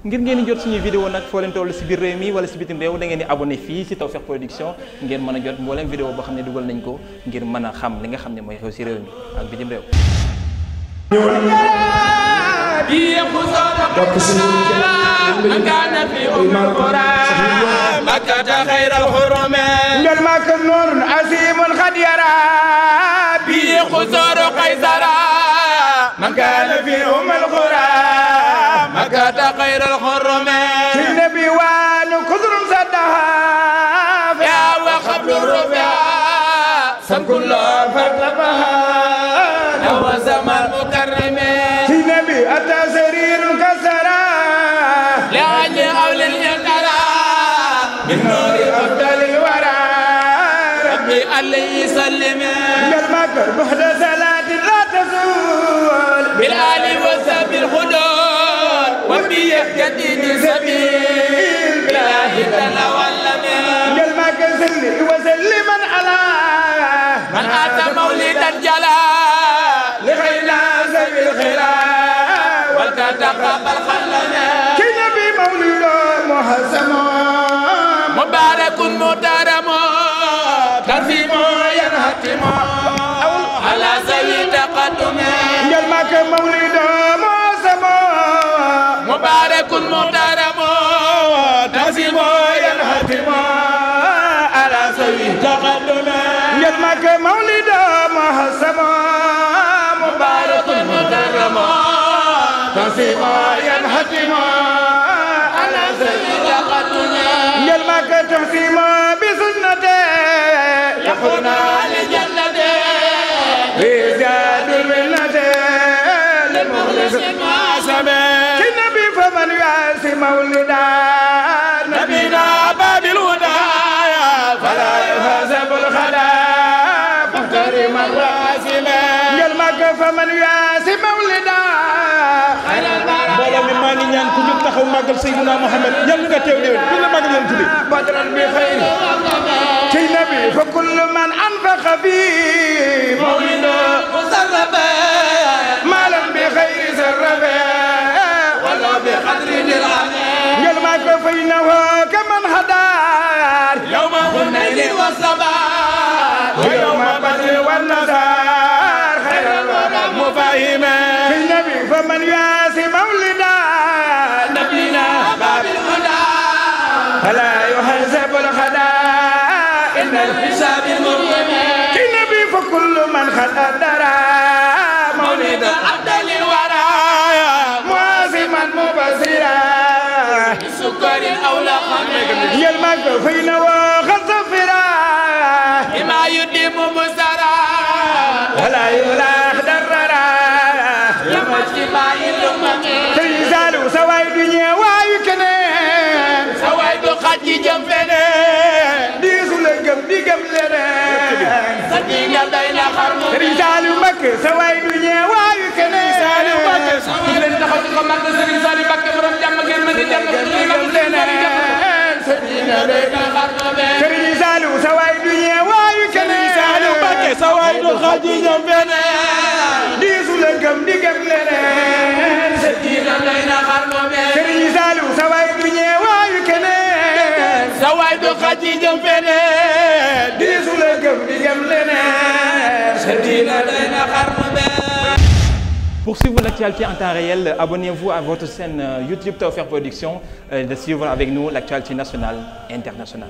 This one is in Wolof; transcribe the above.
ngir ngeen jot suñuy vidéo nag foo leen si biir réew mi wala si bitim réew da ngeen di fii si Tawfekh Production ngeen mën a jot mbooleem vidéo boo xam ne dugal nañ ko ngir mën a xam li nga xam ne mooy xew si réew mi ak bitim réew makkata xayral xurome njol makka noorun man kaana fi umal xur فتى خير الحرمات النبي وان كثر سدها يا وقبل الربيع سم كل فتبها لو زمان مكرم النبي اتى سرير كسرى لعل او لليقرى من نور افضل الورى ربي عليه سلم المكر محدث لا تزول بالالف جديد سبيل بالله تنولى من وسلما على من اتى مولدا جلا لخينا سبيل الخلا وتتقبل خلا يكن مدارم تزم ينهتم على سوي تقدم يدمك مولد محسم مبارك مدارم تزم ينهتم على سوي تقدم يدمك تحسيم بسنته يخنا لجنته بزاد المنه المخلص المعصم كالنبي فمن يعصي مولدا نبينا باب الهدايا فلا يهزم الخلا فاحترم الراسم يلمك فمن يعصي مولدا mbooloo mi maa ngi ñaan ku jóg taxaw màggal Seydina Mouhamed yal nga teew déwén ku la màggal yal tudde badran bi xayr ci nabi fa kullu man anfaqa fi mawlida musarraba بينه كمن هدار يوم النيل والصباح ويوم بدر والنزار خير الورى مفاهما في النبي فمن ياسي مولدا نبينا باب الهدى فلا يهذب الخدا إن الحساب المريم في النبي فكل من خلى درى مولدا المجد فينا وغصفرا بما يديم مسرا ولا يراح دررا لما اجتماع الأمم تنزال سواي دنيا وايكنا سواي بخد جنبنا ديزو لقم ديقم لنا صديقا بين خرمنا رجال مكة سواي saaliw sa waay du ñee waayu keneen sëriñ saaliw Mbàkke sa waay du xajiñam beneen diisu la gëm di gëm leneen sa diina lay na xar ma beneen sëriñ saaliw sa waay du ñee waayu keneen sa waay du xajiñam beneen diisu la gëm di gëm leneen sa diina lay na xar ma beneen Pour suivre l'actualité en temps réel, abonnez-vous à votre chaîne euh, YouTube Tawfekh Production euh, et de suivre avec nous l'actualité nationale et internationale.